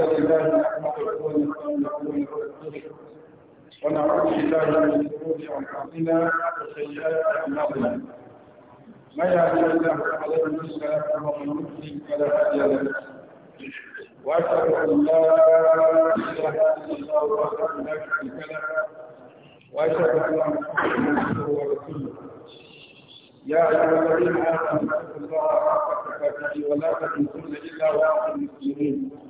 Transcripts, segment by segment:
الحمد لله نحمده ونستعينه ونعوذ بالله من شرور انفسنا وسيئات اعمالنا ما يهدي الله فلا مضل له ومن يضلل فلا هادي له واشهد ان لا اله الا الله وحده لا شريك له واشهد ان محمدا عبده ورسوله يا ايها الذين امنوا اتقوا الله حق تقاته ولا تموتن الا وانتم مسلمون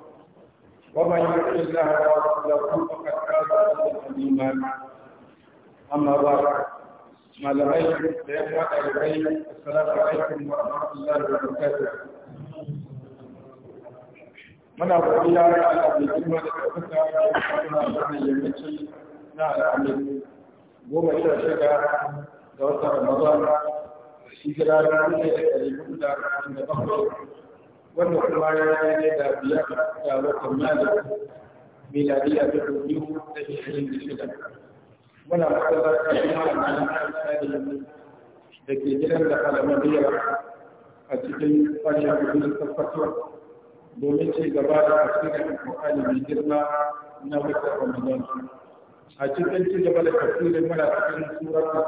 ومن يطع الله ورسوله فقد فاز فوزا اما بعد ما لغيكم لاخوة لغيكم السلام عليكم ورحمة الله وبركاته. من أبويا على أبي جمعة الكفتة وأنا أبي يمشي لا أعمل بوما شاشكا دورة رمضان الشجرة كلها تجيبون دارة عند بخور wanda kuma ya yi da biyar ga watan mali miladiya da biyu da ishirin da shida muna matsala ta yi mara malin da ke gidan da alamariya a cikin fashin kudin tabbatuwa domin ci gaba da asirin kwakali mai girma na wata ramadan a cikin ci gaba da tafsirin muna cikin surar da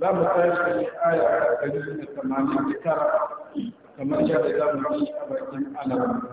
za mu tashi aya a ɗari da tamanin da tara kamar yadda za mu yi a bakin alamu.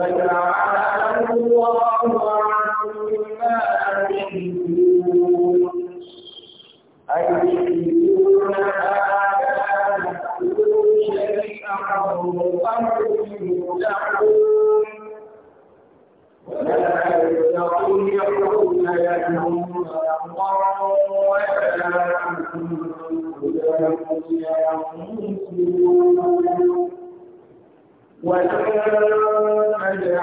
فتعالى الله عما يشركون أيشركون هذا شيئا وهم يعلمون ولا يستطيعون لهم نصرا ولا أنفسهم ينصرون ودعوه إلى الهدى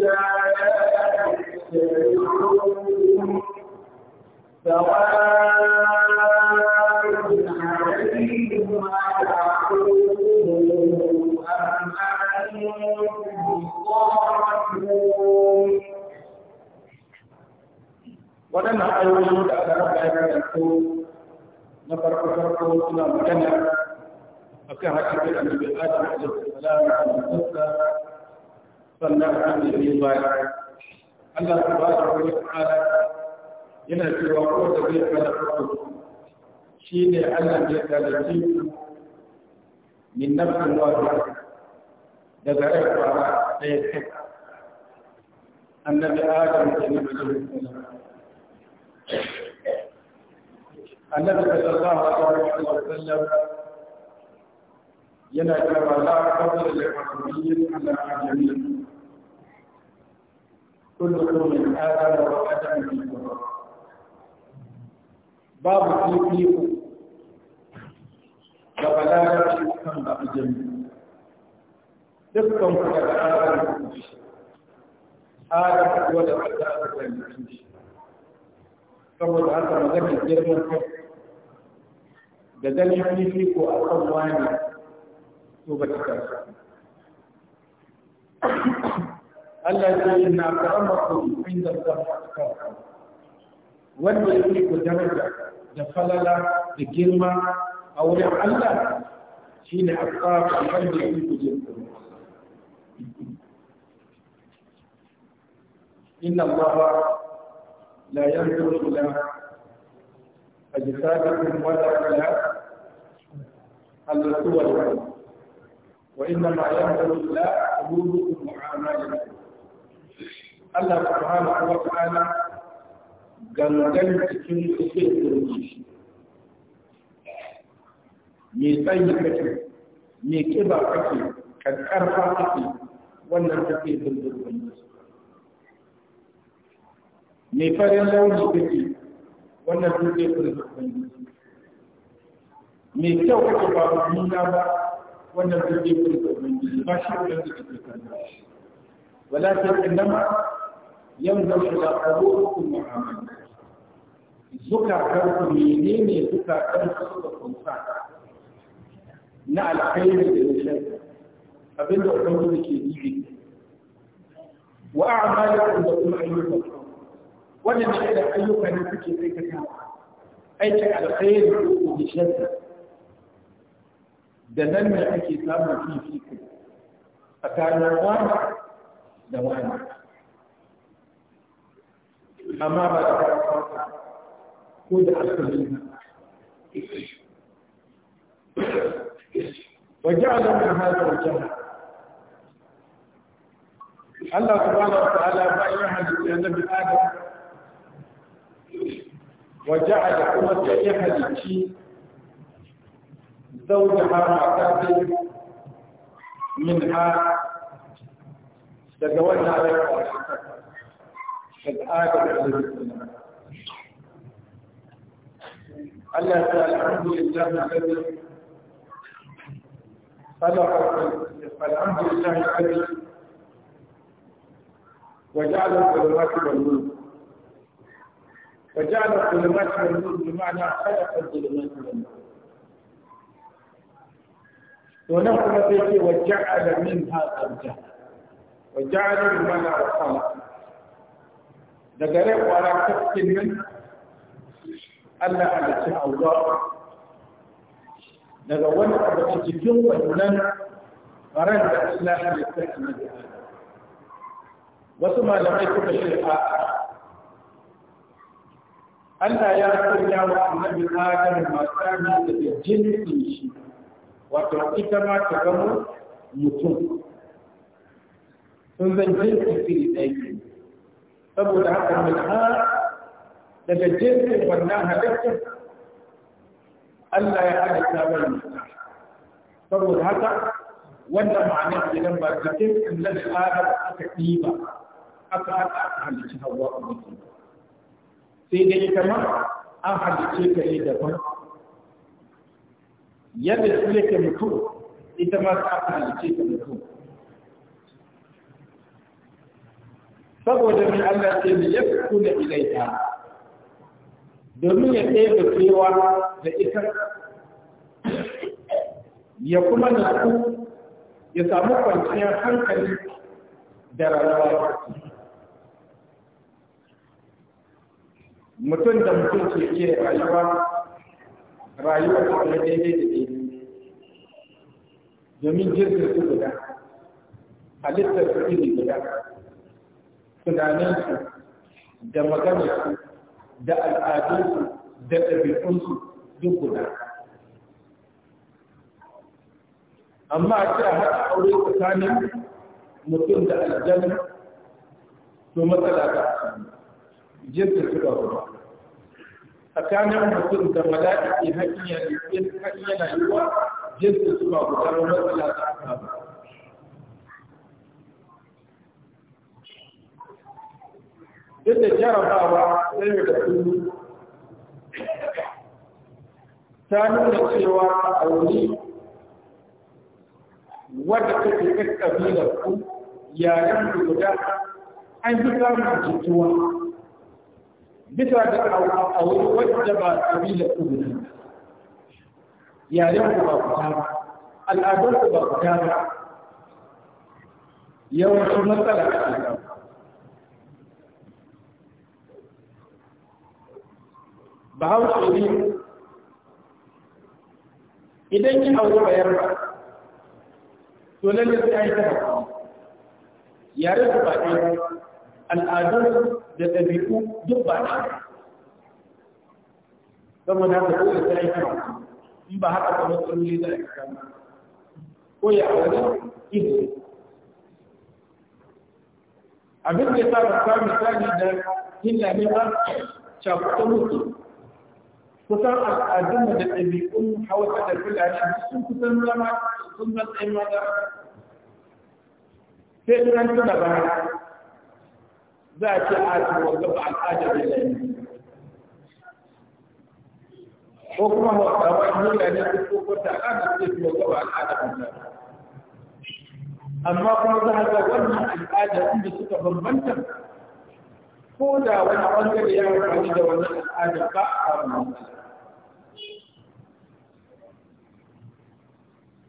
لا سواء عليهم waɗannan ayoyi da aka raba ya na farko farko suna magana akan haka da annabi Adam alaihi salam da sannan annabi bayan Allah subhanahu wa ta'ala yana cewa ko da zai kada ku shine Allah ya kada ku min nafsin wahida daga rai fara ɗaya kai annabi Adam alaihi salam النبي صلى الله عليه وسلم yana cewa la qabla li qawliyin ala ajami kullu min adam wa adam min babu fifiko da balarashi kan da ajami dukkan ku daga adam ku shi adam kuwa da adam ku shi saboda haka maganar girman kai da ganin fifiko a kan wani مبكرا الذي إنا تأمركم عند الزفاق وانو يقولك درجة دخلنا بكلمة أو لعلا حين أبقاك وانو يقولك درجة إن الله لا ينظر إلى أجسادكم ولا إلى الرسول والرسول وإنما يهدر الله قلوبكم وعمالكم Allah subhanahu wa ta'ala gangan cikin kusa turmi me tsayi kake me kiba kake kan karfa kake wannan take dindindin me farin launi kake wannan take dindindin me kyau kake ba mu ba wanda zai yi kuma ubangiji ba shi wanda zai yi kuma walakin innama yanzu shi da ƙarurukum muhammad zukatan ku menene zukatan ku suka kunsa na alkhairi da ya shirka abinda ubangiji ke yi wa a'malakum da kuma ayyukan wannan ne da ayyukan da kuke aikata alkhairi ko da shirka da nan ne ake samun fifiko tsakanin wani da wani amma ba da kawai ko da asali وجعل من هذا الجهل الله سبحانه وتعالى بأيها النبي آدم وجعل أمة يهل شيء زوجها معتاد منها تزوجها عليها قد آكل الذي الحمد لله الذي خلق الحمد لله الذي وجعل الظلمات والنور وجعل الظلمات والنور بمعنى خلق الظلمات والنور ونحن فيه وجعل منها أرجاء وجعل منها أرقام دقري وراء كفك من ألا على سنة الله نقول أبا تجدون ونن أرد إله لتأمن وثم لقيت بشيء آخر ألا يا سيدي يا النبي آدم ما كان من الجن إن شئت wato ita ma ta zama mutum sun zan jinsi fili ɗaya saboda haka min ha daga jinsin wannan halittar Allah ya halitta mai mutum saboda haka wannan ma'anar gidan ba jikin annabi adam aka ɗiba aka aka aka halicci hawa a mutum sai dai kamar an halicce ka ne daban yadda su yake mutum ita ma ta aka halice ta mutum saboda mai Allah ce mai yafi kuna ilaita domin ya ɗaya da kewa da ita ya kuma na ku, ya samu kwanciyar hankali da rarrawa mutum da mutum ke iya rayuwa rayuwa ta daidai da domin jirgin su guda halittar su iri guda tunaninsu da maganarsu da al'adunsu da ɗabi'unsu duk guda amma a ce a haɗa aure tsakanin mutum da aljan to matsala ta jirgin su guda tsakanin mutum da mala'iki haƙin yana yiwuwa yadda su ba ku karar matsala ta haka ba duk da jarabawa ɗaya da kullum ta nuna cewa a wuri wadda kake kan kabilar ku yaren ku guda an fi samun jituwa bisa da a wuri wadda ba kabilar ku guda yaren ku ba ku ta ba al'adun ku ba ku ta ba yawancin matsala a cikin ba hausa ne idan ki aure bayar ba to lalle sai ai ta hakuri yare su ba ɗaya al'adun da ɗabi'u duk ba ɗaya saboda haka dole sai ai ta hakuri in ba haka ba matsaloli da aka kama ko ya aure ido abin da ta ba ta misali da illa ne ba cakuta mutu kusan al'adun da ɗabi'un hausa da fulani sun kusan zama sun matsayin maza sai tunan tuna ba za a ce a ce wanda ba al'adar da yanzu ko kuma hausawa nuna ne su kofar da al'ada ce su yau al'ada musa amma kuma za a ga wannan al'ada inda suka bambanta ko da wani bangare ya amfani da wannan al'ada ba a samu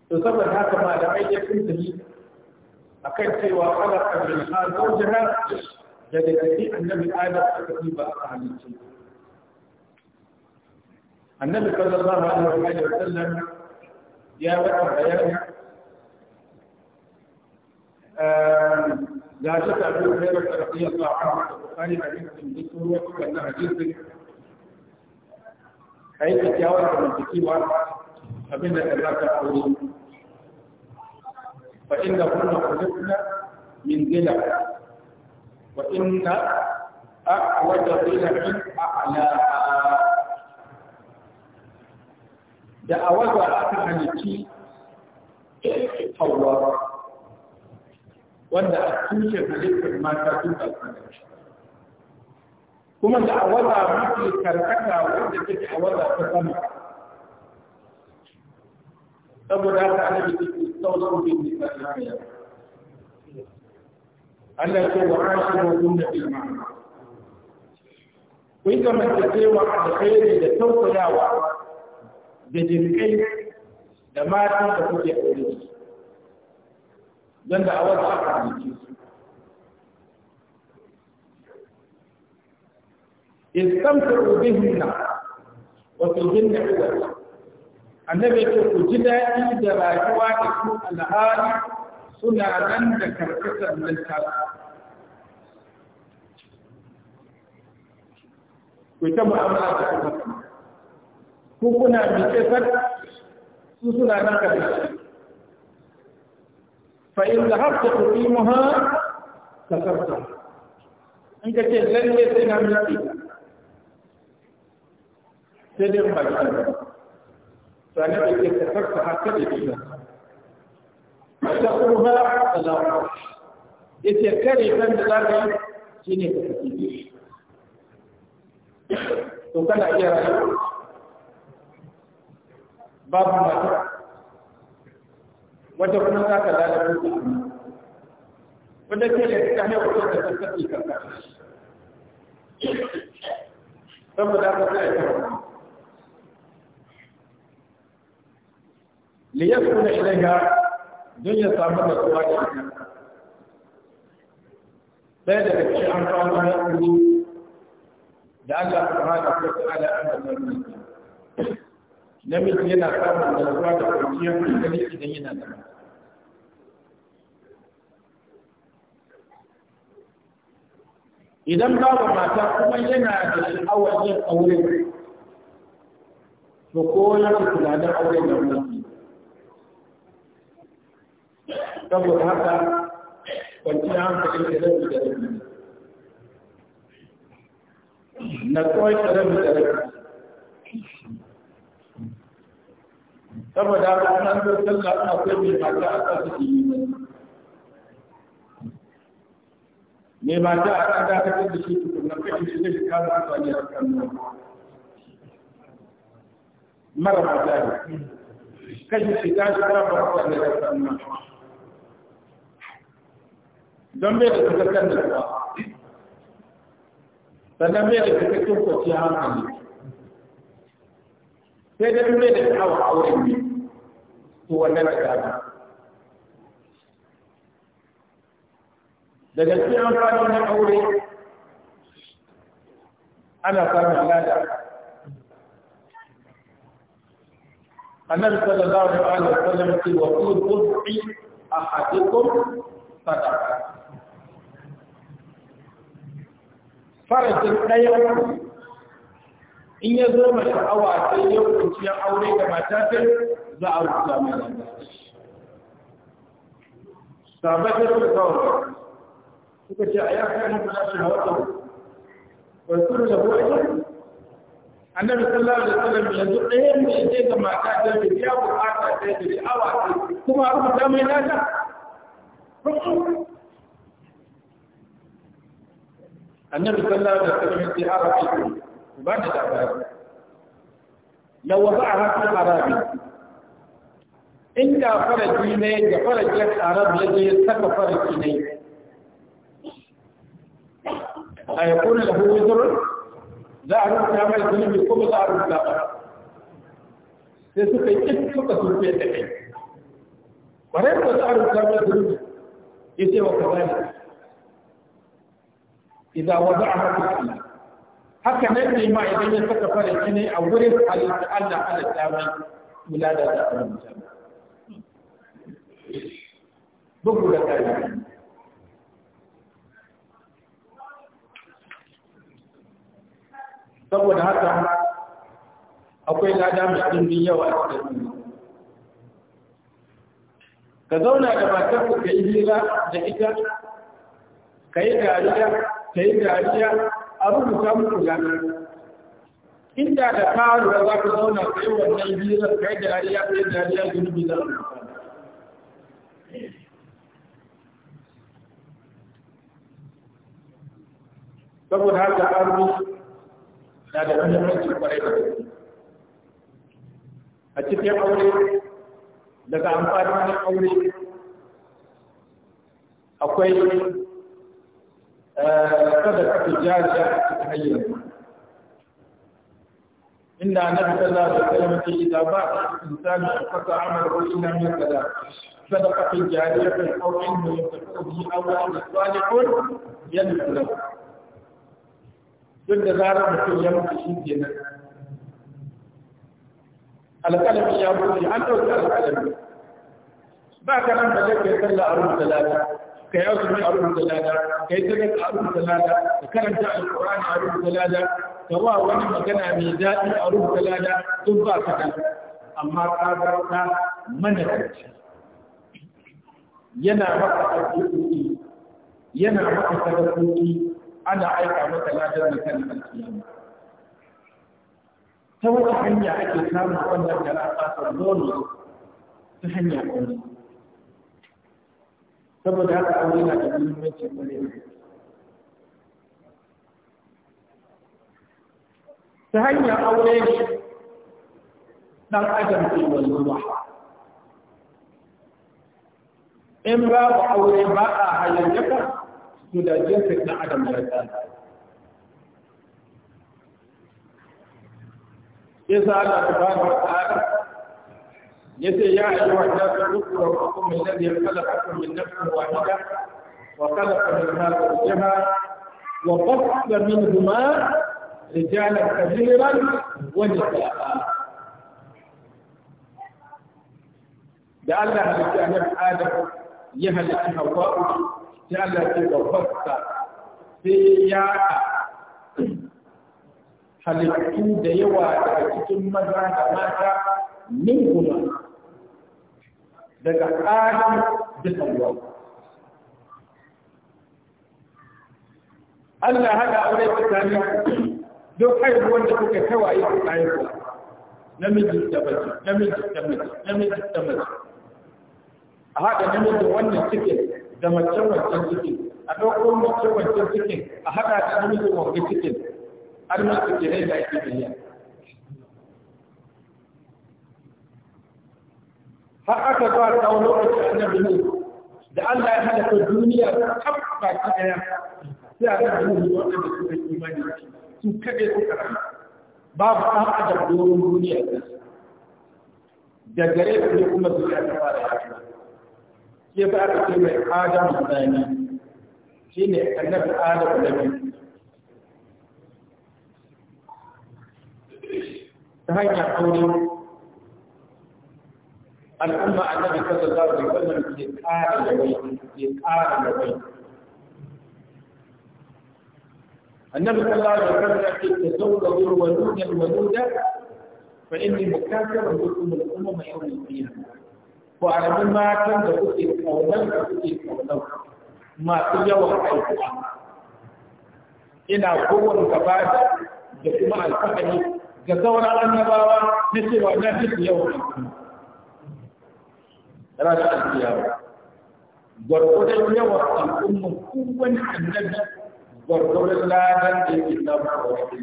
to saboda haka ma da ya kun tafi akan cewa ana kabila ha zaujaha da gaske annabi adam aka ba a halittu النبي صلى الله عليه وسلم يا وقت بيان لا شك أبو هريرة رضي الله عنه البخاري حديث ذكر انها جزء حيث تجاوز من تكيوا فمن ثلاثة قرون فإن كنا خلقنا من ذلة وإن أعوج ذلة أعلاها da a wadda aka halitti hawa wanda a tushe halittar mata sun kuma da a wadda mafi karkata wanda take a wadda ta sama saboda ta alabi sauran bin nisa da kayar Allah ce wa ashe wa da bil kun ga mace cewa alkhairi da tausayawa da jirkai da matan da kuke aure su don da awar da aka halice su istamtaru bihinna wa fihinna iwata annabi ya ce ku ji daɗi da rayuwa da su al'adu suna nan da karkatar nan tasu ku ta mu'amala da kuma ko kuna miƙe fat su suna nan ka fa in da hafta tuqimuha ka karta in ka ce lalle sai na miƙe sai dai ba ka sani da ke ka karta haka da kina ta kurha salamu yace kare kan da za ka yi shine ka tafi to kana iya rayuwa babu matar wata kuma za ka lalata su wanda ke da suka haihuwa da ta tafi karka saboda ka sai ta liyakuna don ya samu da kowa da ita ɗaya daga cikin amfani na da Allah subhanahu wa ta'ala an da namiji yana samun nutsuwa da kwanciyar hankali idan yana da mata idan babu mata kuma yana da sha'awar yin aure to ko ya fi tunanin aure da wani saboda haka kwanciyar hankali da rabi da rabi na kawai da rabi da rabi saboda haka an zo sallah ana kai mai mata a kan suke yi mai mata a kan dakatar da shi tukunan kashe shi zai kama amfani a kan nan mara mata ne Kashi shi ta shi kama amfani a kan nan don bai da cikakken da ba sannan bai da cikakken kwanciyar hankali sai da dole da sha'awar auren ne to wannan da daga cikin amfani na aure ana samun lada annabi sallallahu alaihi wa sallam ce wa kullu qurbi ahadikum sadaqa farajin ɗaya in ya zo ma sha'awa sai ya kunci ya aure da mata ta za a rubuta mai da sabatar da kawai suka ce a ya kai mutu na shi hawa kawai ba su da buwa ita annabi sallallahu alaihi wasallam yanzu ɗaya ne je ga mata ta da ya buƙata ta da sha'awa kuma a rubuta mai da ta annabi sallallahu alaihi wasallam ya ce a rafi بعد لو وضعها في الأراضي إنك أخرج إليك أخرج لك أرب لدي تكفر إليك أيقول له وزر ذهب كامل كلمة كم الأرب لك سيسوك يتفق تسوك يتفق ورأي كم الأرب كامل كلمة يتفق كذلك إذا وضعها في الأرب haka nan ne ma idan ya saka farin ne a wurin halittar Allah ala tsami kula da zaɓen mutum. Bugu da kare. Saboda haka akwai lada mai ɗimbin yawa a cikin Ka zauna da matarka ka yi hira da ita, ka yi dariya, ka yi dariya, a rubuta inda da karu da za ka zauna kai wannan hirar kai da ariya kai da ariya saboda haka arzu na da kwarai da a cikin aure daga amfanin aure akwai صدقة الجارية تتحير إنا نبتلى بكلمة إذا مات الإنسان انقطع عمله إلا من ثلاث صدقة جارية أو علم ينتفع به أو عمل صالح يلف له duk da zarar mutum ya على كلمة يا أبو alƙalami ya mutu an ɗauki alƙalami ba ka كيوسف أبو الزلادة كيثبت أبو الزلادة كرجع القرآن أبو الزلادة كوا ونم كان ميزاء أبو الزلادة تبقى كتن أما قابلتا من الرجل ينا مقا تبقى ينا مقا تبقى أنا أيقى متلادة مكان القيامة توقع حنيا أكي سامة ونجل أقاس الظلم تحنيا أمي saboda haka aure na da muhimmanci kwarai ta hanyar aure ne ɗan adam ke walwala in ku aure ba a halin jaka su da jinsin ɗan adam da ta Isa Allah ta ba da wata يسير يا أيها الناس اذكروا ربكم الذي خلقكم من نفس واحدة وخلق منها زوجها وبث منهما رجالا كثيرا ونساء لعل هلك أنب آدم يهل حواء جعل في وبث في يا هل يكون daga cikin maza da منهما daga adam da yau. Allah hada aure tsakani don haihuwar da kuka kawaye ku haihuwa namiji da mace namiji da mace namiji da mace a haɗa namiji wannan cikin da mace wancan cikin a ɗauko mace wancan cikin a haɗa da namiji wanda cikin har ma su rai da ake biya har aka ba ta wani lokaci annabi nuhu da Allah ya halaka duniya kaf baki daya sai a ga nuhu wanda da suka yi imani su kade su karama babu ɗan adam doron duniya da gare su ne kuma zuciya ta fara yaƙi ke ba aka ce mai adam zani shi ne annabi adam da biyu ta hanyar aure al'umma annabi sallallahu alaihi wasallam ke ƙara da wai ke ƙara da النبي صلى الله عليه وسلم تزوجوا الولود الولودة فإني مكاتب بكم الأمم يوم القيامة وعلى من ما كان تقول قولا تقول قولا ما تجوى القرآن إن قوة كبارة da kuma alfahari ga sauran annabawa na cewa يوم القيامة ranar alkiyama gwargwadon yawan al'umman kowane annabi gwargwadon ladan da yake samu a wajen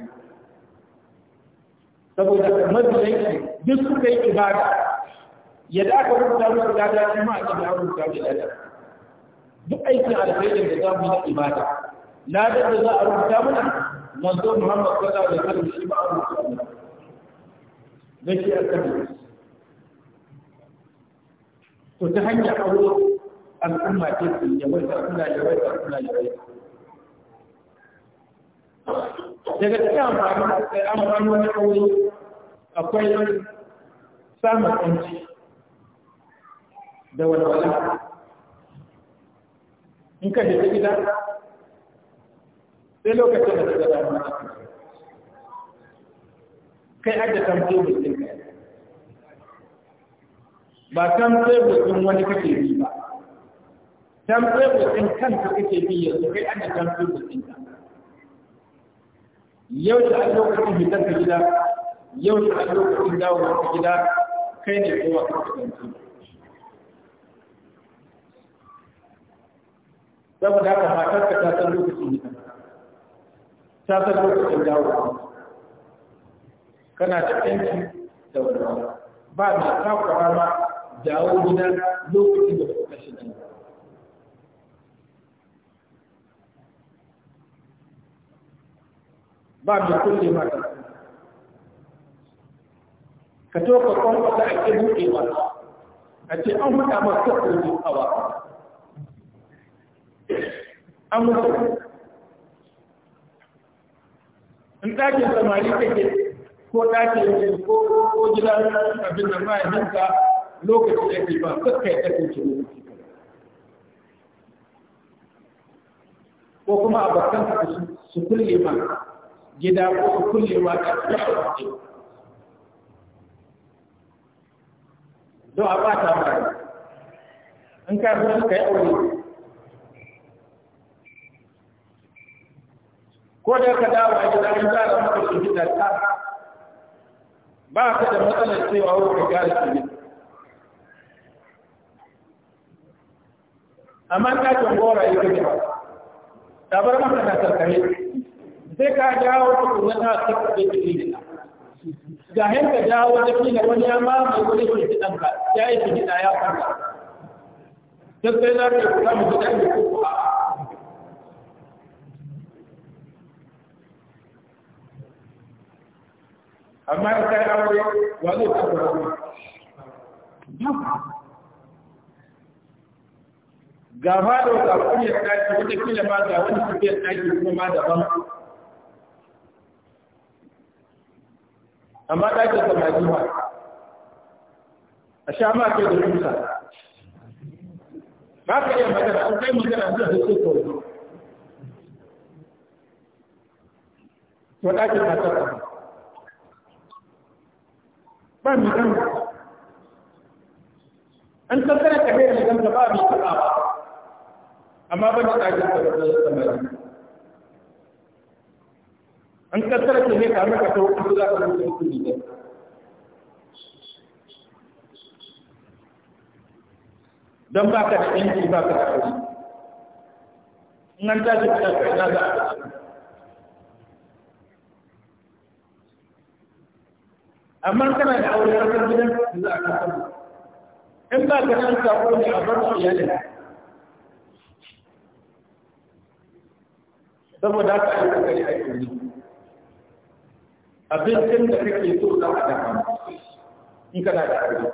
saboda mabiyan duk suka yi ibada yadda aka rubuta musu lada shi ma aka da rubuta da lada duk aikin alkhairin da za mu yi ibada ladan da za a rubuta mana manzo Muhammad sallallahu alaihi wasallam shi ba a rubuta mu da shi a kan to ta hanyar aure al'umma ce su yawai yawaita suna da suna yawai daga cikin amfani da amfani wani aure akwai samun kwanci da walwala in ka shiga gida sai lokacin da daga dama kai ajiye tambayi mutum ba san table din wani kake bi ba san table din kanka kake bi yanzu kai an san table din ka yau da a lokacin fitar ka gida yau da a lokacin dawowar ka gida kai ne kowa ka san table saboda haka ka ta san lokacin ita ta san lokacin dawo kana da ɗanki da wani ba mai takura ma dawo gida lokacin da kuka shi nan ba mai kulle maka ka to ka kwanwa da ake ba, a ce an faɗa masu kulle a wa an mutu in ɗakin samari kake ko ɗakin ko gidan abin da mahaifinka lokaci ake ba kakka ɗakin kasance lokaci ko kuma a bakan su kulle ma gida ko su kulle ma ka kasance don a ba ta ba in ka zo ka yi aure ko da ka dawo a gida in za a maka shi gida ta ba ka da matsalar cewa wurin ka gara shi amma ɗakin gora ya kake ba bar maka ta sarkare. sai ka jawo tukunan na sarkar da ke ga hanka jawo da kila wani ya ma mai wani ke ɗan ka ya yi ke gida ya kwanta ta sai za ka yi kuka mu gidan da kuka amma in kai aure wani ta kwanta ga ma da wata kuriyar ɗaki wata kila ma da wani kuriyar ɗaki kuma ma daban amma ɗakin samari ba a sha ma kai da rusa ba ka iya magana an kai magana zuwa da su kawai to ɗakin na tsaka ba mu gama an tattara kafin da gama ba mu tsaka ba amma ban da ɗakin sarrafa samari an kasar ta ne kamar ka ta wuce za ka mutu su ne da don ba ka da yanki ba ka da kai in an tashi ta kai na za a amma kana da aure a kan gidan za a kasar in ba ka san sako ne a bar su iyalin saboda haka ai kokari yi abin abincin da kake so za a dafa in kana da aure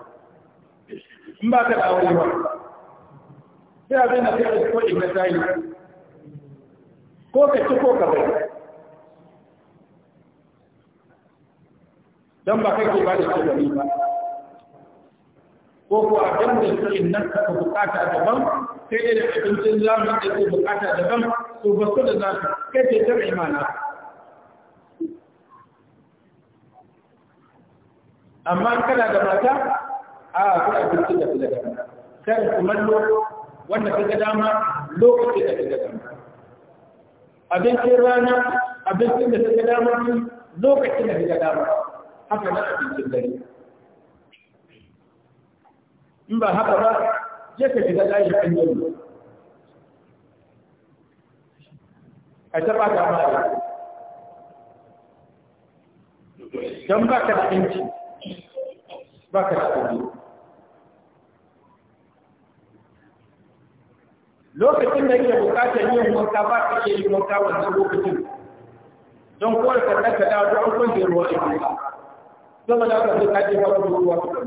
in ba ka da aure ba sai abin da kai ko in ka yi ko ka ci ko ka bai dan ba kake ba da shi ba ko ko dan da kake nan ka buƙata daban sai irin abincin zamu da kake buƙata daban to da naka kai ce ta mai amma kana da mata a kuma abinci da fi daga kan kumallo wanda ka ga dama lokaci da fi dama, abincin rana abincin da ta ga dama lokacin da fi dama, haka na abincin dare in ba haka ba ya ka shiga layin kan yau a ta ba ta ba don ba ka da inci ba ka da inci lokacin da yake bukatar yin wanka ba ka iya yi wanka wanda lokacin don kowar karɗar ka dawo don kwanke ruwa a gida zama da ka zai kaje ba kuma ruwa ka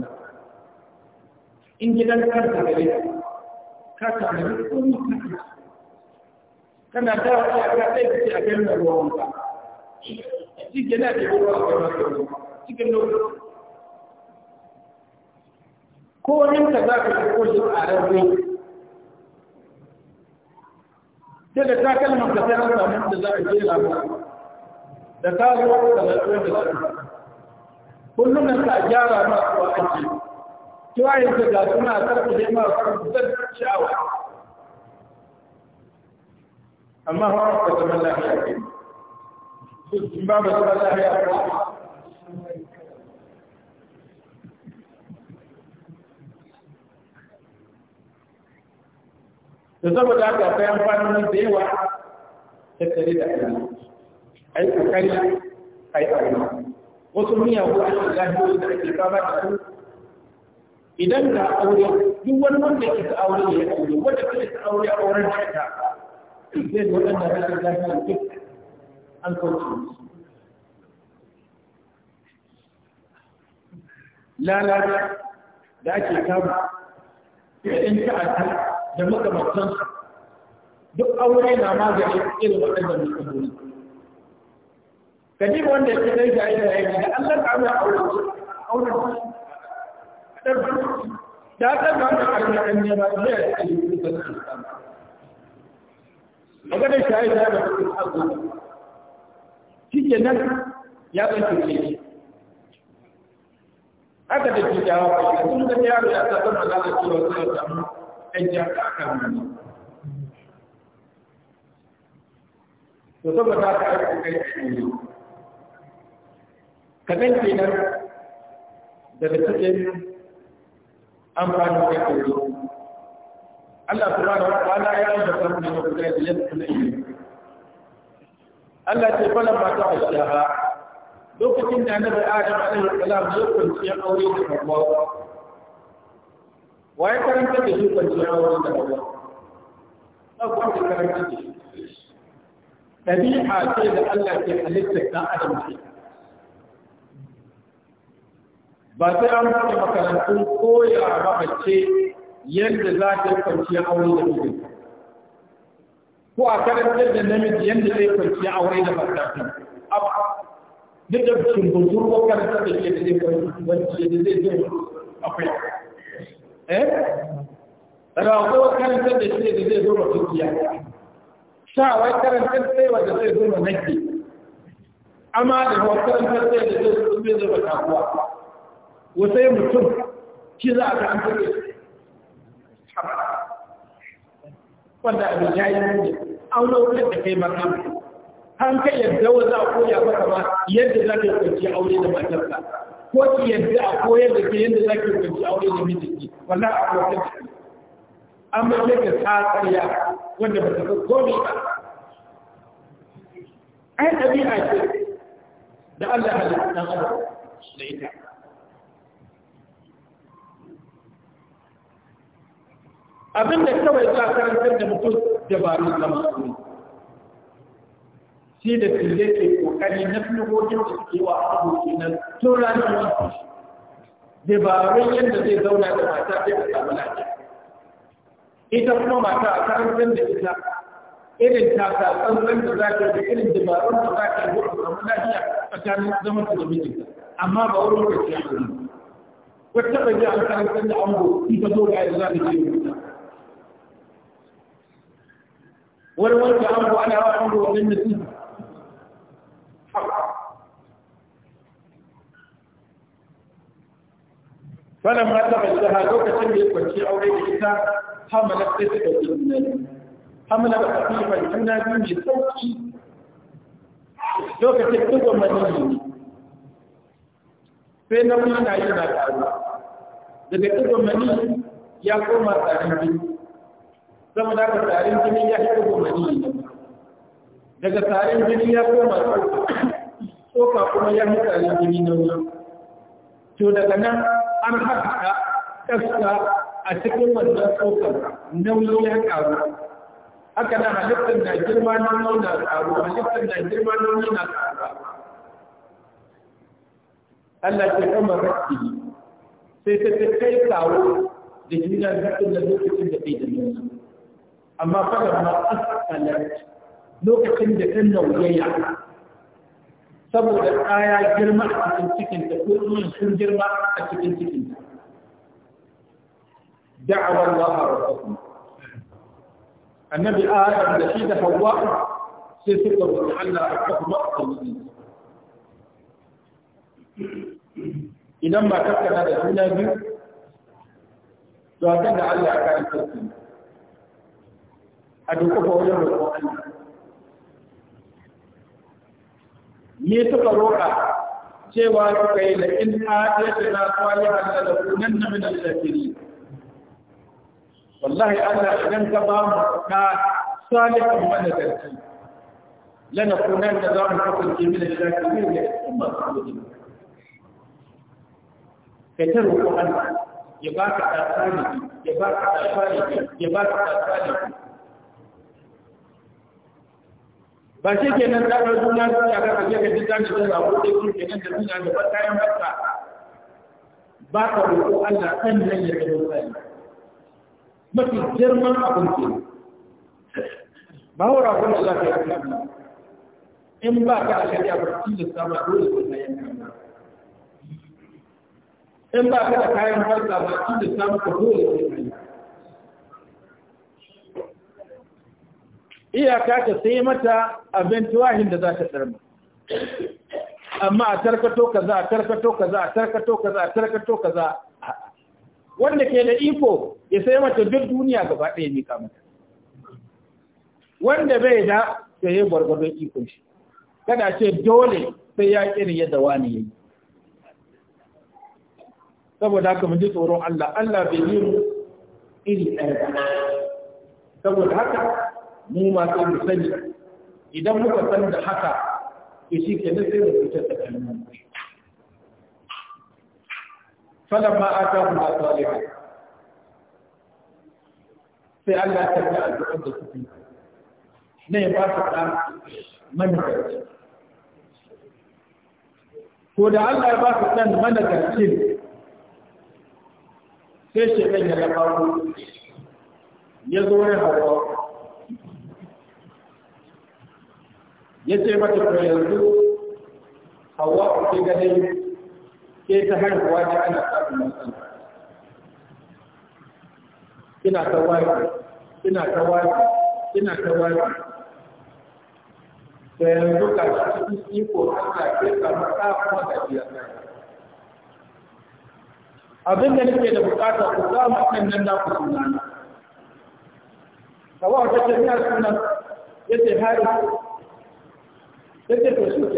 in gidan kanka gare ka ka ne kuma ka kana da wata aka kai da ke a kai na ruwan ka shi ke na da ruwa a kai na cikin lokaci ko wani ka za ka ko shi a rarrai sai da ta kalmar ka sai an samu da za a je labarai da ta zo da lafiya da lafiya kullum nan ka gyara ma kuwa ake kiwayen ka ga suna karfafa ma su zan sha'awa amma ba ba zaman lafiya ke in ba ba zaman lafiya ke da saboda haka akwai amfanonin da yawa tattare da alamu a yi kokari a yi alamu wasu miyagu a cikin lafiyoyi da ake fama da su idan ka aure duk wani wanda ke aure ya aure wanda ke aure auren da zai da waɗanda rashin lafiyar duk an kauce lalata da ake samu da ‘yan ta'ata da makamantansu duk aure na magani irin waɗanda mutum kaji wanda ya kai da aida ya da Allah ka mai aure aure da ta ga da Allah ba zai yi da maganar shaye shaye da kuma hagu shi nan ya tsanci ne shi haka da kyakkyawa ba shi sun da yaro ya tsakar da zaka cewa zai samu ɗan jaka a kan wani to saboda ka aiki kai a yi kaɗan ke nan daga cikin amfanin kai Allah subhanahu wa ta'ala ya ambata mana magana da yadda kuma yi Allah ce fala ma ta ashaha lokacin da annabi Adam alaihi salam ya kwanci ya aure da Hawwa waye karanta da shi kwanci ya aure da Hawwa ba ku karanta da shi ɗabi'a ce da Allah ke halittar ɗan adam ce ba sai an buɗe makarantu koya ba a ce yadda za ta yi kwanciyar aure da mijin ko a karantar da namiji yadda zai kwanciyar aure da matafi duk da cikin buntur karantar da ke da zai kwanciyar da zai zai akwai eh rago karantar da shi da zai zo ba sha wai karantar sai wanda zai zo ba nake amma da hawa karantar sai da zai zo ba takuwa wasai mutum shi za a karantar da shi wanda abin ya yi ne an lokacin da kai maka an kai yadda wa a koya maka ba yadda za ka yi kwanci aure da matarka ko ki yadda a koyar da ke yadda za ka yi kwanci aure da mijinki wannan a koyar da ke an mace ka tsatsariya wanda ba ta ga gobe ba ai ɗabi'a ce da Allah halitta ɗan adam da ita abin da kawai za a karantar da mutum dabarun zama aure shi da tille ke kokari na filogogin da suke wa abokin nan tun ranar wasu dabarun yadda zai zauna da mata sai a samu lafiya ita kuma mata a karantar da ita irin takatsantsan da za ta da irin dabarun da za ta yi a samu lafiya zama zaman da mijinta amma ba wani lokaci ke yi wata taɓa ji an karantar da ango ita zo ga yadda za ta yi wani wanke ango ana yawa ango wannan mutum Fana ma ta bai lokacin da ya kwanci aure da ita hamala sai ta ɗauki juna Hamala ba ta fi ban juna biyu mai sauƙi lokacin ɗigon maniyyi ne. Sai na kuma na yi na ƙaru. Daga ɗigon maniyyi ya koma tsarin biyu. saboda ka tarin jini ya shi shiga mani daga tarin jini ya koma tsoka kuma ya hita tarin jini na wuri to daga nan an haɗa ƙasa a cikin wannan tsokar nauyi ya ƙaru haka na halittar da girma na nauyi na ƙaru halittar da girma na nauyi na ƙaru Allah ke kama rafi sai ta kai kawo da jina da lokacin da bai da nuna أما قبل ما أسألت أكثر لك عند إنه ويهي أكثر سبب الآية جرمة أكثر سكنة تقول من سن جرمة أكثر سكنة دعوة الله ربكم النبي آية النشيدة هو سيسكر وتعالى أكثر مقصد من إذا ما كفت هذا الجنة دي وأتنى على أكثر سكنة a dukufa wajen roƙon Allah ni suka roƙa cewa suka yi da in hadiyata na salihan da da kunan na min al-shakiri wallahi Allah idan ka ba mu ka salihan mana zarki lana kunan da za mu kasance min al-shakiri ne umma sallallahu kai ta roƙo Allah ya baka ta salihi ya baka ta salihi ya baka ta salihi ba shi ke nan tsakar juna su ya ga kake ga dukkan da zai abu da ke kenan da duniya da kayan baka ba ka roƙo Allah kan nan ya kai sai mafi girman abin ke ba wa rabon a ka yi in ba ka a shari'a ba su da sama dole ko na yanka in ba ka da kayan harka ba su da sama ka dole ko na iyaka ta sai mata abin tuwahin da za ta tsarma amma a tarkato kaza a tarkato kaza a tarkato kaza a tarkato kaza wanda ke da iko ya sai mata duk duniya gaba ɗaya mika mata wanda bai da sai ya gwargwadon ikon shi kada ce dole sai ya kiri yadda wani yayi saboda haka mun ji tsoron Allah Allah bai yi iri ɗaya saboda haka mu ma sai mu sani idan muka san da haka ke shi ke nan sai da fitar da kalmomi ma atahum as-salihat sai Allah ta ga addu'ar da suke ne ba su da managarci ko da Allah ba su dan managarci sai shi ya rabawo ya zo ya hawa ya ce mata to yanzu hawa ke ganin ke ta haihuwa ne ana samun matsala kina ta waje kina ta waje kina ta waje da yanzu ga shi cikin iko Allah ke samu ta kuma da biya abin da nake da bukata ku samu kan nan da ku sunana kawai wata tafiya sunan yace haris لكن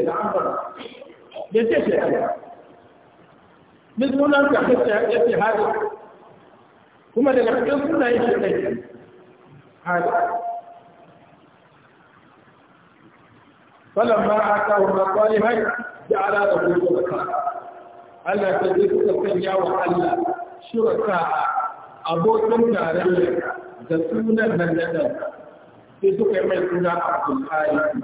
لكن فلما أعطاه الرقائي هاي جعل له شركاء ألا تجدك فيا وألا شركاء أبو تنكا رجل دسونا من لدن في سوق عمل سنة عبد الحارث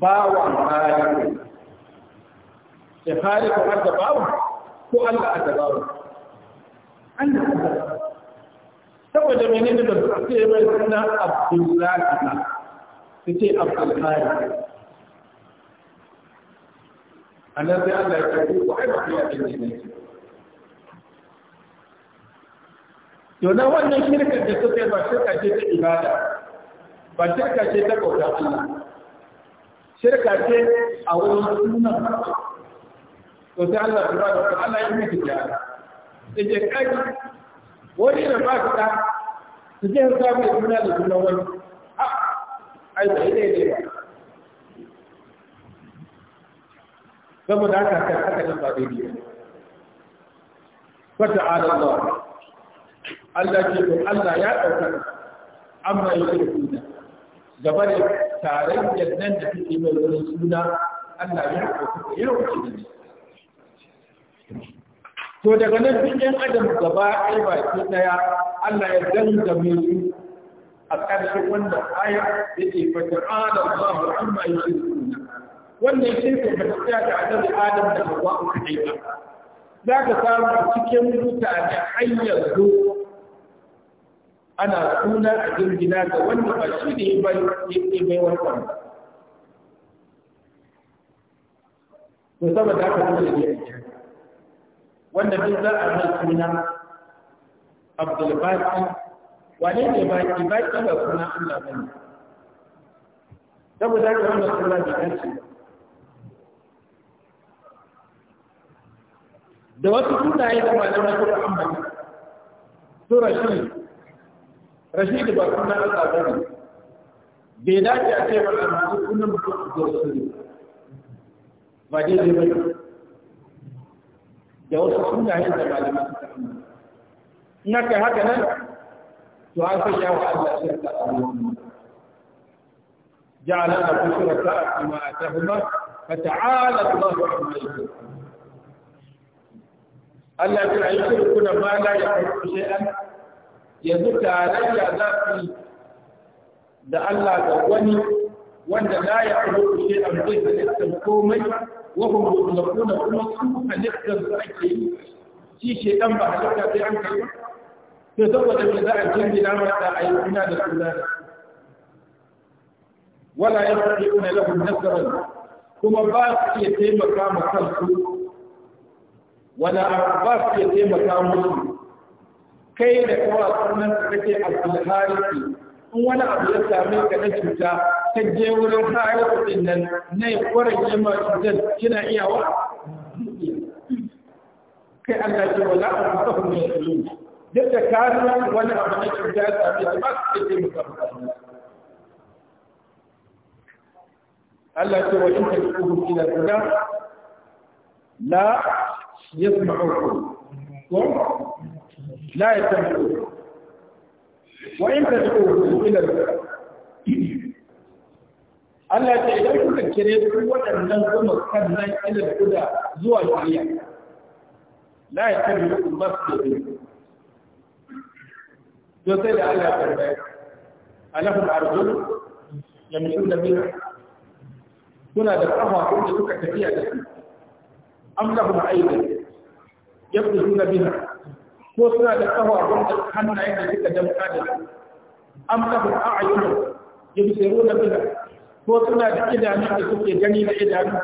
bawan haliku Ya haliku har da bawan ko Allah a da bawan Allah a da bawan saboda mene ne da suka ce mai suna abdullahi na su ce abdullahi a nan sai Allah ya ƙarfi ko aiki a cikin jinai Yona wannan shirka da suka yi ba shirka ce ta ibada, ba shirka ce ta ƙauta Allah, shirka ce a wurin sunan to sai Allah ta bada ta Allah ya yi miki gyara da ke kai wani da ba ka su je su samu da suna da sunan wani a ai da ide ne ba saboda haka kan haka nan ba daidai ba fata Allah Allah ce to Allah ya ɗauka amma yake da suna gaba ne da nan da kake mai wani suna Allah ya ɗauki irin wani ne to daga nan duk adam gaba ɗaya baki ɗaya Allah ya mai su a ƙarshe wannan aya da ke fata ala Allah amma yi shirku wannan shirku ba ta tsaya da adam Adam da Hawwa ku kai ba za ka samu cikin mutane hanyar zo ana suna a jirgina ga wanda ba shi ne ya bai wannan to saboda haka dole da a kira wanda duk za a mai suna abdulbaki wane ne baki baki ba suna allah ba ne saboda haka wannan suna bai dace da wasu sunaye da malamai suka ambata sura shi rashid ba sunan Allah ba ne bai dace a ce ba amma sunan mutum a zuwa su ba dai zai bai da wasu sunayen da malamai suka ina kai haka nan to an san yawa Allah shirka a wurin جعل أبو شركاء فيما أتاهما فتعالى الله عما يشركون الذي يشركون ما لا يحب شيئا yanzu tarayya za su da Allah ga wani wanda na ya kuma shi an zai halittar komai wa kuma na kuma su halittar su ake yi shi shi dan ba halitta sai an kai to saboda me za a jirgin mata a yi kuna da kula wala da lahum nasran kuma ba su ke taimaka ma kansu wala ba su ke taimaka musu kai da kowa sunan ka kake abdulharisi in wani abu ya same ka na cuta ka je wurin harisi din nan na yi kwarar jima cutar kina iyawa kai Allah ce wala a musahu mai sulun duk da kasuwa wani abu na cuta ya same ka ba su kake musahu Allah ce wa in ka kuhu ila guda la yasma'ukum ko لا يستمعون وإن تدعوهم إلى البر Allah ce idan kuka kire su waɗannan kuma kan nan ilil guda zuwa shari'a. La ya tabi da kuma su da zai. Don sai da Allah ya karɓa alafin arzul ya da biyu. Kuna da ƙafa suka suna ko suna da kafafun da hannayen da suka damka da su an tafi a ayyuna ya bi tsero da bila ko suna da idanu da suke gani da idanu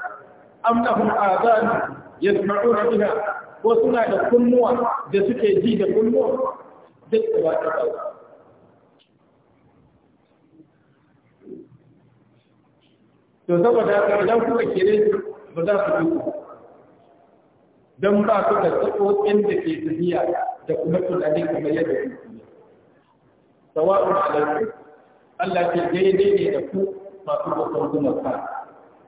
an tafi a zanu ya sma'u na bila ko suna da kunnuwa da suke ji da kunnuwa duk da ba ta ba to saboda haka idan kuka kire ba za su ku. don ba su da tsotsotsin da ke tafiya da kuma tunanin kamar yadda su ke sawa'un alaikum Allah ke daidai ne da ku masu kuma ka,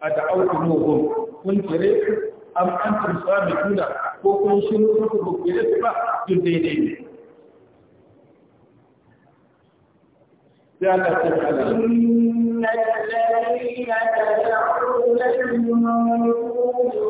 a da auki nogon, kun kire su am antum tuna ko kun shi ku ku kire su ba duk daidai ne يا إن الذين ta من دون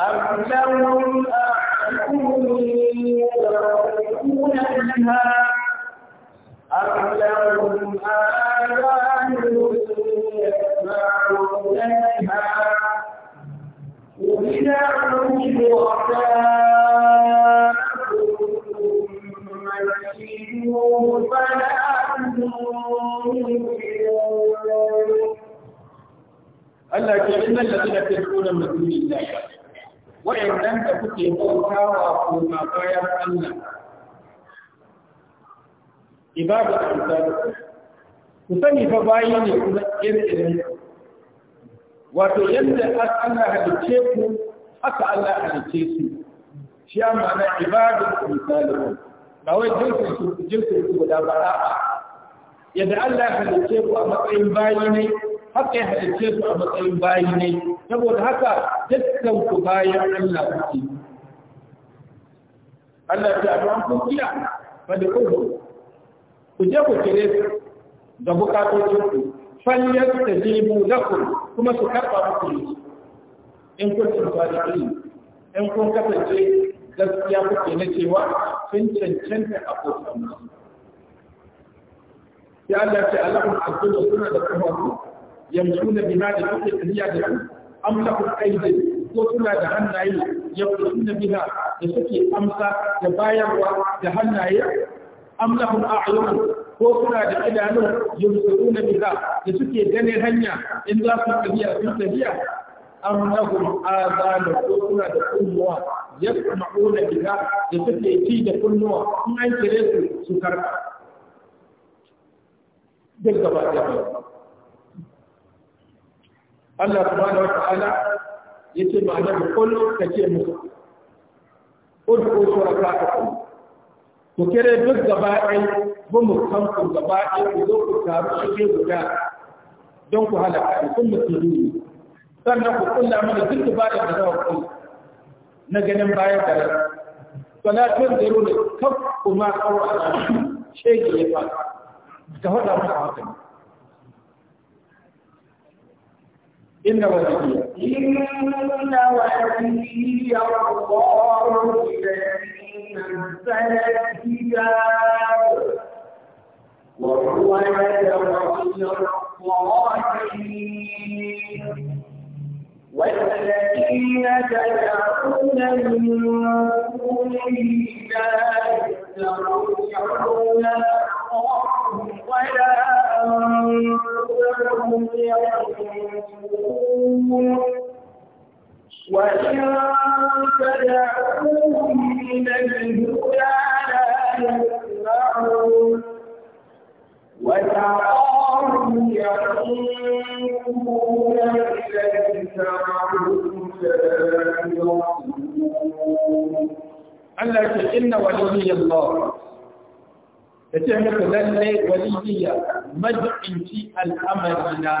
أم لهم أعين يبصرون بها أم لهم آذان يسمعون بها قل ادعوا شركاءكم فكيدوه فلا تنظرون الله كأن الذين يتبعون من دون الله waɗannan da kuke wa koma bayan Allah ibada da misali ku sani fa bayi ne kuma irin wato yadda Allah halicce ku aka Allah halicce su shi ya mana ibada da misali ba wai jinsin su jinsin su guda ba a'a yadda Allah halicce ku a matsayin bayi ne haka ya halicce su a matsayin bayi ne saboda haka dukkan ku bayan Allah kuke Allah ta an kun kira fa da ku ku je ku kire su da bukatocin ku falyar ta jibu lakum kuma su karɓa muku in kun tsari in kun kasance gaskiya kuke na cewa sun cancanta a kofar ya Allah ce alaƙun da suna da kuma yamshuna bima da suke tafiya da su am lahum aydin ko suna da hannaye yamshuna biha da suke amsa da bayarwa da hannaye am lahum a'yun ko suna da idanu yamshuna biha da suke ganin hanya in za su tafiya sun tafiya am lahum azanu ko suna da kunnuwa yasma'una biha da suke ci da kunnuwa in an kire su su karba duk gaba da Allah subhanahu wata'ala yace ma annabi kullu ce musu udku kuma. ku kire duk gaba ɗaya bu mu kan ku gaba ɗaya ku zo ku taru shige guda don ku halaka ku musulmi sannan ku kulla mana duk ibadar da zawa ku na ganin bayan da rai salatun da rune kaf kuma kawo a shege ya fa Ka faɗa masa haka إن ولدي إن ولدي الله الذي نزل الكتاب وهو يتولى الصالحين والذين تدعون من دون الله يسترجعون ولا أنفسهم ينصرون وإن الهدى لا يسمعون وتراهم ينظرون إليك وهم لا يرجون الله إن ولي الله da ce muku lallai waliyya majinci al'amarina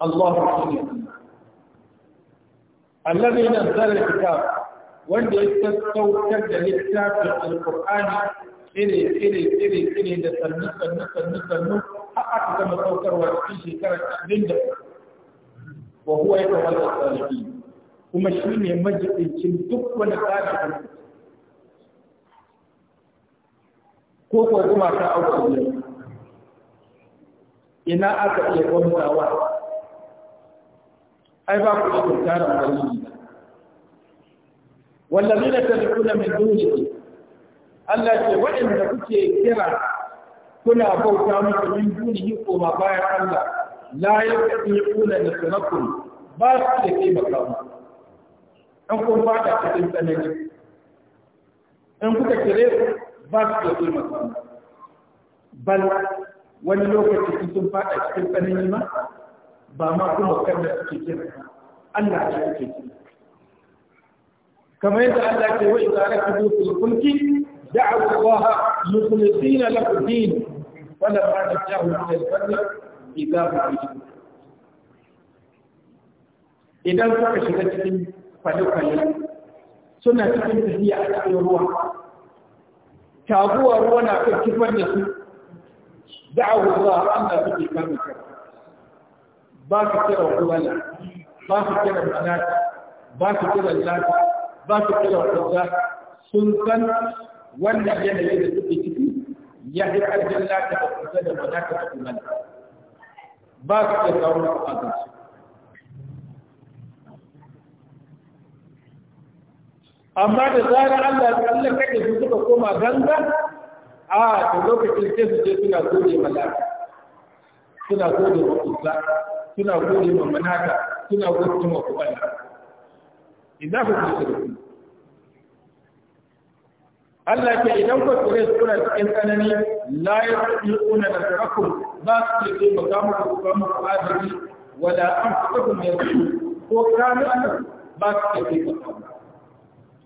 Allah shi ne Allah ne nan zarar kitab wanda ya sassaukar da littafin alkur'ani iri iri iri iri da sannu sannu sannu sannu a aka gama saukarwa cikin shekarar abin da wa huwa ya kamar da kuma shi ne majiɗincin duk wani tsarin ko ko gumaka auku ne ina aka iya gwamnawa ai ba ku ikon tara ta wallazina mai min dunihi Allah ce waɗanda kuke kira kuna bauta musu min dunihi ko ma bayan Allah la da nasrakum ba su da taimaka mu an ba ta cikin tsanani in kuka kire ba su da taimaka mu bal wani lokaci sun fada cikin tsanani ma ba ma kuma kanda suke kira Allah ya yake kira كما يدعى الله وإذا ركبوا في الفلك دعوا الله مخلصين له الدين فلما نجاهم من البر إذا هم idan suka shiga cikin kwale-kwale suna cikin tafiya a cikin ruwa taguwa ruwa na kan kifar da su da'awu Allah Allah ke kama kai ba su kira Kubala ba su kira Manat ba su kira Lat ba su kira Uzza sun san wannan yanayi da suke ciki ya fi ƙarfin Lat da Uzza da Manat da Kubala ba su kira kawo a kansu amma da zarar Allah ya tsallaka kake su suka koma ganga a to lokacin sai su je suna gode malaka suna gode wa kusa suna gode wa manaka suna gode wa kubala idan ku kusa Allah ke idan ku tsire suna cikin tsanani la yaquluna tarakum ba su ke taimaka muku ku kama da adali wala an fukakum yanzu ko kanu ba su ke taimaka muku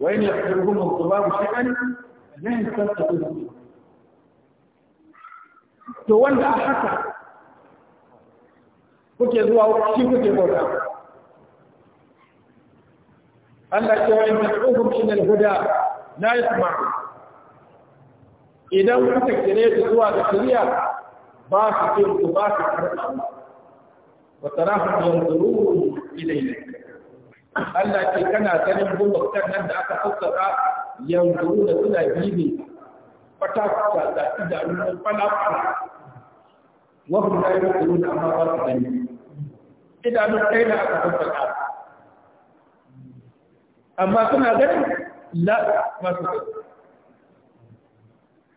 وإن يحضرهم الضباب شيئا لن يستطيعون to wanda a haka kuke zuwa shi kuke bauta Allah ce wa in tad'uhum ila al-huda la yasma'u idan kuka kire su zuwa ga shari'a ba su kin ba su karɓa Allah ce kana ganin gumbaktar nan da aka sassaka yanzu da suna bibi fata da da idanun fala fala wa hum la yaqulun amma ba su gani idanun kai da aka sassaka amma suna ganin la masu gani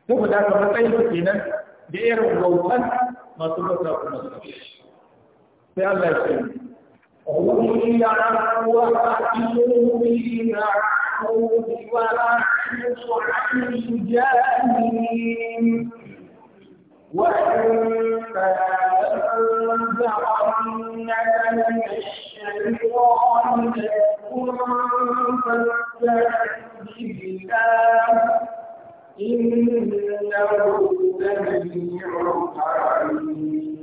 saboda haka matsayin su kenan da irin wautan masu bauta kuma sai Allah ya ce قل عفو وأحسنوا بالمعروف وأعرضوا عن الجاهلين وإما إنه سميع عليم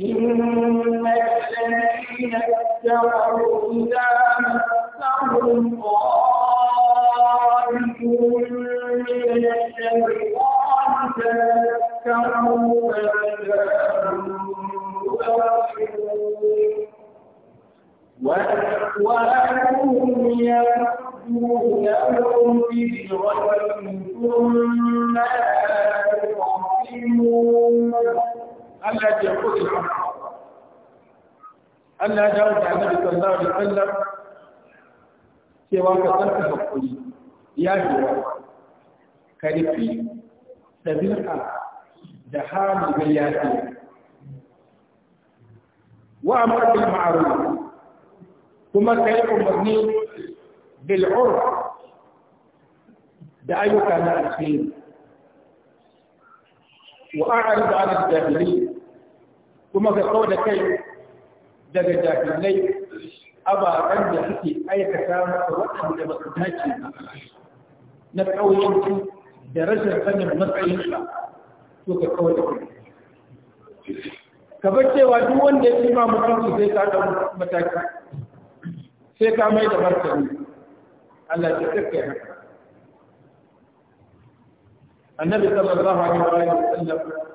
إن الذين اتقوا إذا مسهم طائف من الشر قال تذكروا وأخوانهم يمدونهم في الغيب ثم لا ألا تنقذ العمر ألا جاءت عن نبي صلى الله عليه وسلم سوى كثرة حقه يا جوا كريفي سبيحة جهام بياتي وأمر بالمعروف ثم كيف مبني بالعرف بأيك لا أخير وأعرض عن الجاهلين kuma ka kawo da kai daga jahilai ababen da suke aikata masa waɗanda ba su dace na ƙauyenci da rashin sanin matsayinsa to ka kawo da kai kabar cewa duk wanda ya fi ma mutum sai ka ɗan mataki sai ka mai da martani Allah ta kakkai haka annabi sallallahu alaihi wa sallam